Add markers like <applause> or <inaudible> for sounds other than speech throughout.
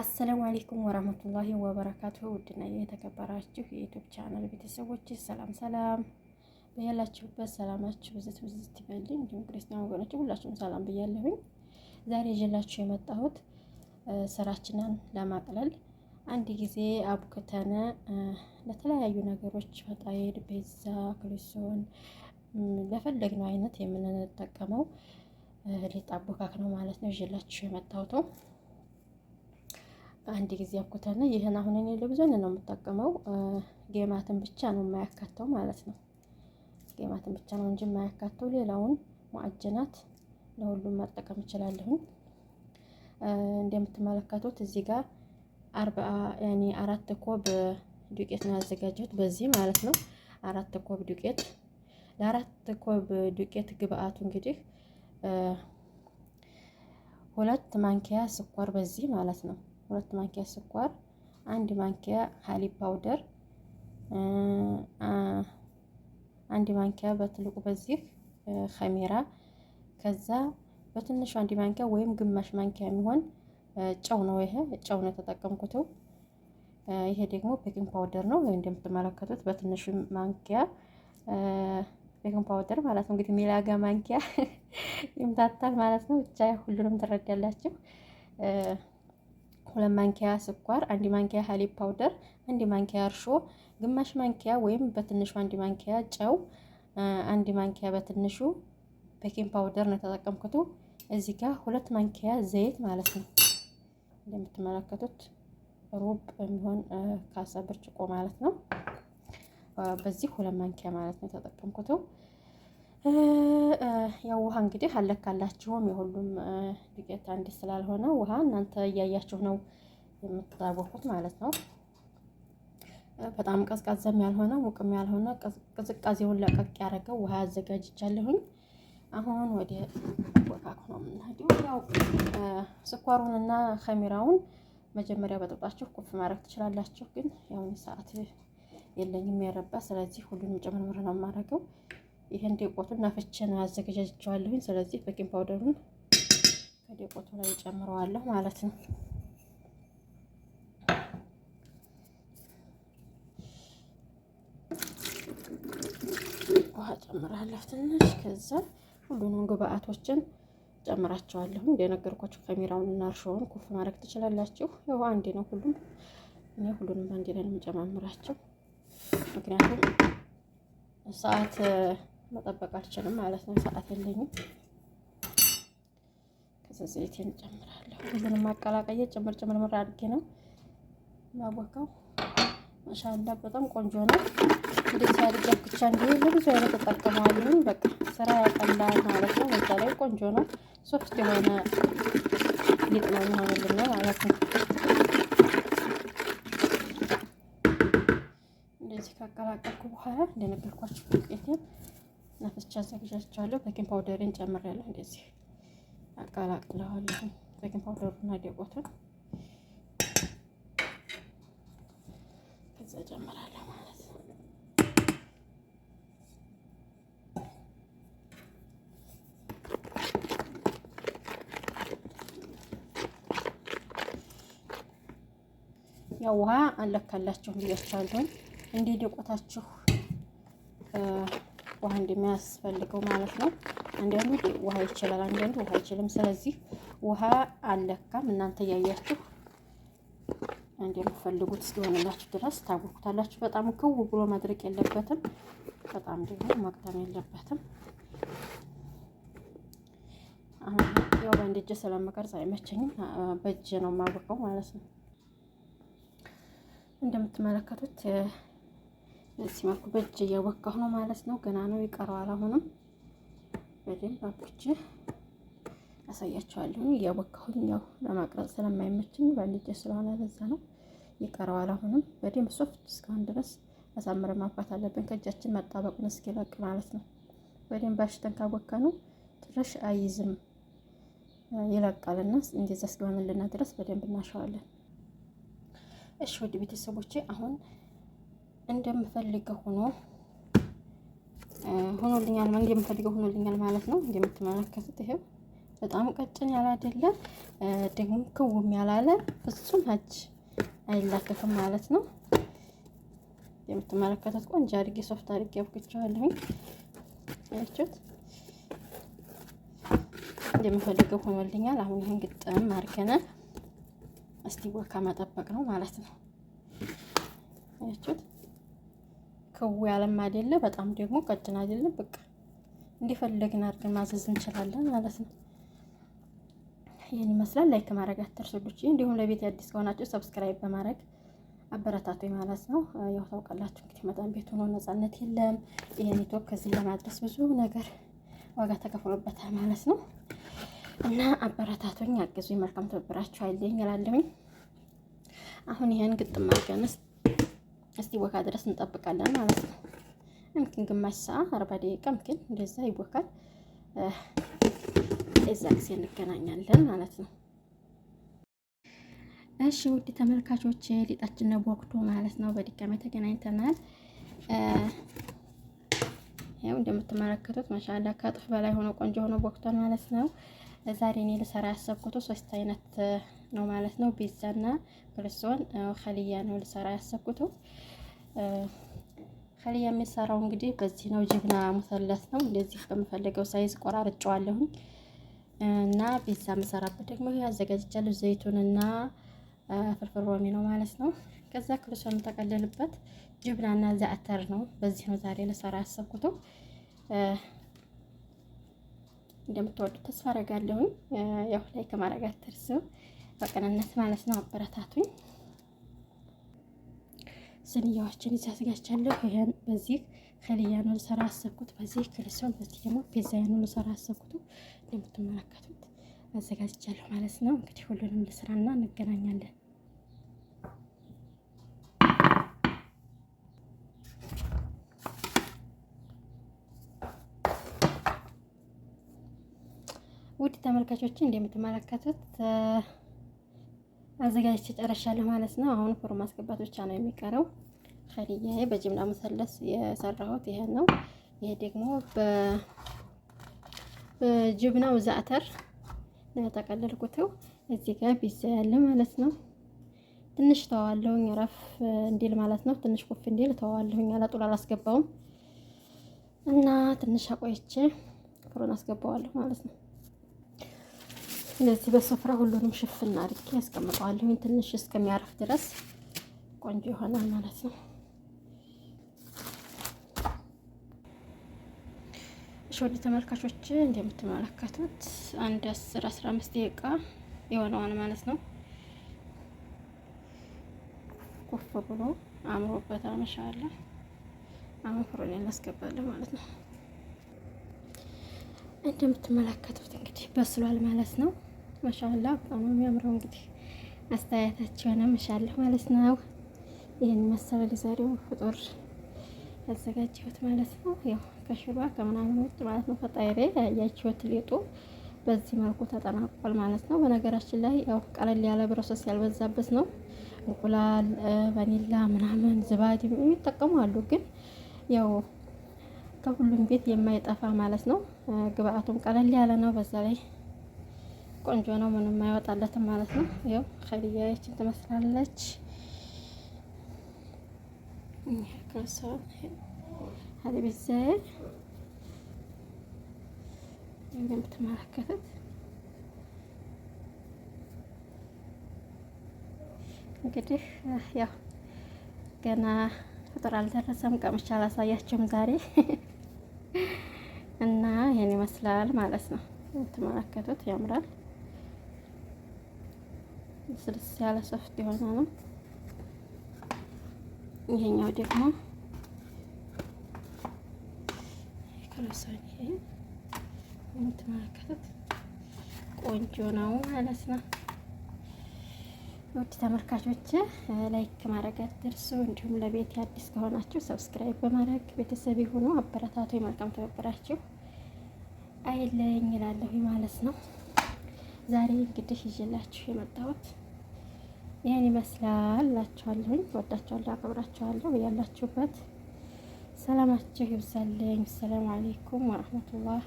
አሰላሙ አሌይኩም ወራህመቱላሂ ወበረካቱ። ውድና የተከበራችሁ የዩቱብ ቻናል ቤተሰቦች ሰላም ሰላም፣ በያላችሁበት ሰላማችሁ ብዝት ብዝት ይበልኝ። እንዲሁም ክርስቲያን ወገኖች ሁላችሁም ሰላም ብያለሁኝ። ዛሬ ይዤላችሁ የመጣሁት ስራችንን ለማቅለል አንድ ጊዜ አቡክተን ለተለያዩ ነገሮች ፈጣይድ፣ ቤዛ፣ ክሊሶን ለፈለግነው አይነት የምንጠቀመው ሊጥ አቦካክ ነው ማለት ነው ይዤላችሁ የመጣሁት አንድ ጊዜ አኩተን ይህን አሁን እኔ ለብዙን ነው የምጠቀመው። ጌማትን ብቻ ነው የማያካተው ማለት ነው። ጌማትን ብቻ ነው እንጂ የማያካተው ሌላውን ሙአጅናት ለሁሉም መጠቀም እችላለሁ። እንደምትመለከቱት እዚህ ጋር አርባ ያኔ አራት ኮብ ዱቄት ነው ያዘጋጀሁት በዚህ ማለት ነው። አራት ኮብ ዱቄት ለአራት ኮብ ዱቄት ግብአቱ እንግዲህ ሁለት ማንኪያ ስኳር በዚህ ማለት ነው ሁለት ማንኪያ ስኳር፣ አንድ ማንኪያ ሀሊብ ፓውደር፣ አንድ ማንኪያ በትልቁ በዚህ ከሜራ ከዛ በትንሹ አንድ ማንኪያ ወይም ግማሽ ማንኪያ የሚሆን ጨው ነው። ይሄ ጨው ነው የተጠቀምኩትው። ይሄ ደግሞ ቤኪንግ ፓውደር ነው። እንደምትመለከቱት በትንሹ ማንኪያ ቤኪንግ ፓውደር ማለት ነው። እንግዲህ ሚላጋ ማንኪያ <laughs> ይምታታል ማለት ነው። ብቻ ሁሉንም ትረዳላችሁ። ሁለት ማንኪያ ስኳር፣ አንድ ማንኪያ ሀሊ ፓውደር፣ አንድ ማንኪያ እርሾ፣ ግማሽ ማንኪያ ወይም በትንሹ አንድ ማንኪያ ጨው፣ አንድ ማንኪያ በትንሹ ቤኪንግ ፓውደር ነው የተጠቀምኩት። እዚህ ጋር ሁለት ማንኪያ ዘይት ማለት ነው። እንደምትመለከቱት ሩብ የሚሆን ካሳ ብርጭቆ ማለት ነው። በዚህ ሁለት ማንኪያ ማለት ነው የተጠቀምኩት። ያው ውሃ እንግዲህ አለካላችሁም የሁሉም ዱቄት አንድ ስላልሆነ ውሃ እናንተ እያያችሁ ነው የምትጣቦቁት ማለት ነው። በጣም ቀዝቃዛም ያልሆነ ሙቅም ያልሆነ ቅዝቃዜውን ለቀቅ ያደረገው ውሃ አዘጋጅቻለሁኝ። አሁን ወደ ወቃኩ ነው የምንሄደው። ያው ስኳሩንና ከሚራውን መጀመሪያ በጥብጣችሁ ቁፍ ማድረግ ትችላላችሁ፣ ግን ያው ሰዓት የለኝም የረባ ስለዚህ ሁሉንም ጭምርምር ነው የማደርገው። ይህን ዴቆቱን አፍቼን አዘገጃጅቸዋለሁኝ። ስለዚህ ቤኪንግ ፓውደሩን ከዴቆቱ ላይ ጨምረዋለሁ ማለት ነው። ውሃ ጨምራለሁ ትንሽ። ከዛ ሁሉንም ግብአቶችን ጨምራቸዋለሁ። እንደነገርኳችሁ ካሜራውን እና እርሾውን ኩፍ ማድረግ ትችላላችሁ። ያው አንዴ ነው ሁሉም። እኔ ሁሉንም አንዴ ነው የምጨማምራቸው ምክንያቱም ሰዓት መጠበቅ አልችልም ማለት ነው። ሰዓት የለኝም። ከዛ ዘይቴን ጨምራለሁ። ሁሉንም ማቀላቀየ ጭምር ጭምር ምር አድርጌ ነው ማቦካው። ማሻላ በጣም ቆንጆ ነው። እንደዚህ አድርጌ ብቻ እንዲሁ ለብዙ አይነት ተጠቀመዋለሁ። በቃ ስራ ያቀላል ማለት ነው። በዛ ላይ ቆንጆ ነው። ሶፍት የሆነ ጌጥ ነው የሚሆንልን ማለት ነው። እንደዚህ ካቀላቀልኩ በኋላ እንደነገርኳቸው ዱቄቴን ነፍስቻ አዘጋጃቸዋለሁ። ቤኪንግ ፓውደርን ጨምሬያለሁ። እንደዚህ አቀላቅለዋለሁ። ቤኪንግ ፓውደሩና ደቆቱን ከዛ ጨምራለሁ ማለት ነው። ያው ውሃ አለካላችሁ ብያችኋለሁ። እንዲህ ደቆታችሁ ውሃ እንደሚያስፈልገው ማለት ነው። አንዳንዱ ውሃ ይችላል፣ አንዳንዱ ውሃ አይችልም። ስለዚህ ውሃ አለካም እናንተ እያያችሁ እንደምፈልጉት እስኪሆንላችሁ ድረስ ታውቁታላችሁ በጣም ክው ብሎ መድረቅ የለበትም፣ በጣም ደግሞ መቅጠም የለበትም። ያው በአንድ እጄ ስለምቀርጽ አይመቸኝም፣ በእጄ ነው የማወቀው ማለት ነው። እንደምትመለከቱት በዚህ መልኩ በእጅ እያወካሁ ነው ማለት ነው። ገና ነው ይቀረዋል። አሁንም በደንብ አብኩቼ አሳያቸዋለሁ። እያወካሁኝ ያው ለማቅረጽ ስለማይመችኝ በአንድ እጄ ስለሆነ በዛ ነው ይቀረዋል። አሁንም በደንብ ሶፍት እስካሁን ድረስ አሳምረን ማብኳት አለብን። ከእጃችን መጣበቁን እስኪለቅ ማለት ነው። በደንብ አሽተን ካወካ ነው ጭራሽ አይዝም ይለቃልና እንደዛ እስኪሆንልና ድረስ በደንብ እናሸዋለን። እሺ ወደ ቤተሰቦቼ አሁን እንደምፈልገው ሆኖ ሆኖልኛል እንደምፈልገው ሆኖልኛል ማለት ነው። እንደምትመለከቱት ይሄው በጣም ቀጭን ያላደለ ደግሞ ክውም ያላለ ፍጹም ሀጅ አይላከፍም ማለት ነው። የምትመለከቱት ቆንጆ አድርጌ ሶፍት አድርጌ አብኩቻለሁኝ። ያችሁት እንደምፈልገው ሆኖልኛል። አሁን ይህን ግጥም አድርገን እስቲ ወካ መጠበቅ ነው ማለት ነው። ያችሁት ክው ያለም አይደለ፣ በጣም ደግሞ ቀጭን አይደለም። በቃ እንዲፈለግን አድርገን ማዘዝ እንችላለን ማለት ነው። ይህን ይመስላል። ላይክ ማድረግ አትርሱ። እንዲሁም ለቤት አዲስ ከሆናችሁ ሰብስክራይብ በማድረግ አበረታቱ ማለት ነው። ያው ታውቃላችሁ እንግዲህ መጣን ቤት ሆኖ ነጻነት የለም። ይሄ ኔትወርክ ከዚህ ለማድረስ ብዙ ነገር ዋጋ ተከፍሎበታል ማለት ነው እና አበረታቶኝ አገዙኝ። መልካም ትብብራችሁ አይለኝ እላለሁኝ። አሁን ይሄን ግጥም አድርገን ወካ ድረስ እንጠብቃለን ማለት ነው። ምኪን ግማሽ ሰዓት አርባ ደቂቃ ምኪን እንደዛ ይወካል። እዛ ጊዜ እንገናኛለን ማለት ነው። እሺ ውድ ተመልካቾች ሊጣችን ነው ቦክቶ ማለት ነው። በድጋሚ ተገናኝተናል። ያው እንደምትመለከቱት ማሻአላ ከእጥፍ በላይ ሆኖ ቆንጆ ሆኖ ቦክቷል ማለት ነው። ዛሬ እኔ ልሰራ ያሰብኩት ሶስት አይነት ነው ማለት ነው። ቢዛና ክርስቶን ኸልያ ነው ልሰራ ያሰብኩት። ከላይ የሚሰራው እንግዲህ በዚህ ነው። ጀግና ሙሰለስ ነው። እንደዚህ በምፈልገው ሳይዝ ቆራርጬዋለሁኝ እና ፒዛ መሰራበት ደግሞ ይሄ አዘጋጅቻለሁ። ዘይቱንና ፍርፍር ሮሚ ነው ማለት ነው። ከዛ ክብሶ የምጠቀልልበት ጅብናና ዛዕተር ነው። በዚህ ነው ዛሬ ልሰራ ያሰብኩት። እንደምትወዱት ተስፋ አደርጋለሁኝ። ያው ላይ ከማድረግ አትርሱ፣ በቅንነት ማለት ነው። አበረታቱኝ። ስንያዎችን እዚህ አዘጋጅቻለሁ። ይህን በዚህ ከልያኑ ልሰራ አሰብኩት። በዚህ ክርስቶን በዚህ ደግሞ ፔዛያኑ ልሰራ አሰብኩት። እንደምትመለከቱት አዘጋጅቻለሁ ማለት ነው። እንግዲህ ሁሉንም ልስራና እንገናኛለን። ውድ ተመልካቾች እንደምትመለከቱት አዘጋጅቼ ጨረሻለሁ ማለት ነው። አሁን ፎር ማስገባት ብቻ ነው የሚቀረው። ኸዲያዬ በጅምላ መሰለስ የሰራሁት ይሄን ነው። ይሄ ደግሞ በጅብናው ዛዕተር ነው ያጠቀለልኩት። እዚህ ጋር ቢዛ ያለ ማለት ነው። ትንሽ ተዋለሁኝ ረፍ እንዲል ማለት ነው። ትንሽ ኩፍ እንዲል ተዋለሁኝ። አላጡል አላስገባውም እና ትንሽ አቆይቼ ፍሩን አስገባዋለሁ ማለት ነው። ስለዚህ በስፍራ ሁሉንም ሽፍና አድርጌ ያስቀምጠዋለሁ። ትንሽ እስከሚያረፍ ድረስ ቆንጆ ይሆናል ማለት ነው። እሺ ወደ ተመልካቾች እንደምትመለከቱት አንድ አስር አስራ አምስት ደቂቃ የሆነዋን ማለት ነው። ኩፍ ብሎ አምሮበት አመሻለ። አሁን ፍሮን እናስገባለን ማለት ነው። እንደምትመለከቱት እንግዲህ በስሏል ማለት ነው። ማሻአላ በጣም ነው የሚያምረው። እንግዲህ አስተያየታቸውን አመሻለሁ ማለት ነው። ይህን መሰለ ለዛሬው ፍጡር ያዘጋጀሁት ማለት ነው። ያው ከሽሯ ከምናምን ውጭ ማለት ነው። ፈጣይሬ ያያችሁት ሊጡ በዚህ መልኩ ተጠናቋል ማለት ነው። በነገራችን ላይ ያው ቀለል ያለ ፕሮሰስ ያልበዛበት ነው። እንቁላል፣ ቫኒላ ምናምን ዝባድ የሚጠቀሙ አሉ፣ ግን ያው ከሁሉም ቤት የማይጠፋ ማለት ነው። ግብአቱም ቀለል ያለ ነው። በዛ ላይ ቆንጆ ነው፣ ምንም አይወጣለትም ማለት ነው። ያው ከልያችን ትመስላለች። ሀቢት እንደምትመለከቱት እንግዲህ ያው ገና ቁጥር አልደረሰም። ቀምቻ አላሳያቸውም ዛሬ እና ይህን ይመስላል ማለት ነው። የምትመለከቱት ያምራል። ስልስ ያለ ሶፍት የሆነ ነው። ይሄኛው ደግሞ ከለሳኝ የምትመለከቱት ቆንጆ ነው ማለት ነው። ውድ ተመልካቾች ላይክ ማድረግ አትርሱ። እንዲሁም ለቤት አዲስ ከሆናችሁ ሰብስክራይብ በማድረግ ቤተሰብ የሆኑ አበረታቶ መልካም ተበበራችሁ አይለኝ ይላለሁ ማለት ነው። ዛሬ እንግዲህ ይዤላችሁ የመጣሁት ይህን ይመስላል ላችኋለሁኝ። ወዳችኋለሁ፣ አከብራችኋለሁ። ያላችሁበት ሰላማችሁ ይብዛልኝ። ሰላም አሌይኩም ወረህመቱላህ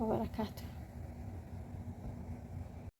ወበረካቱ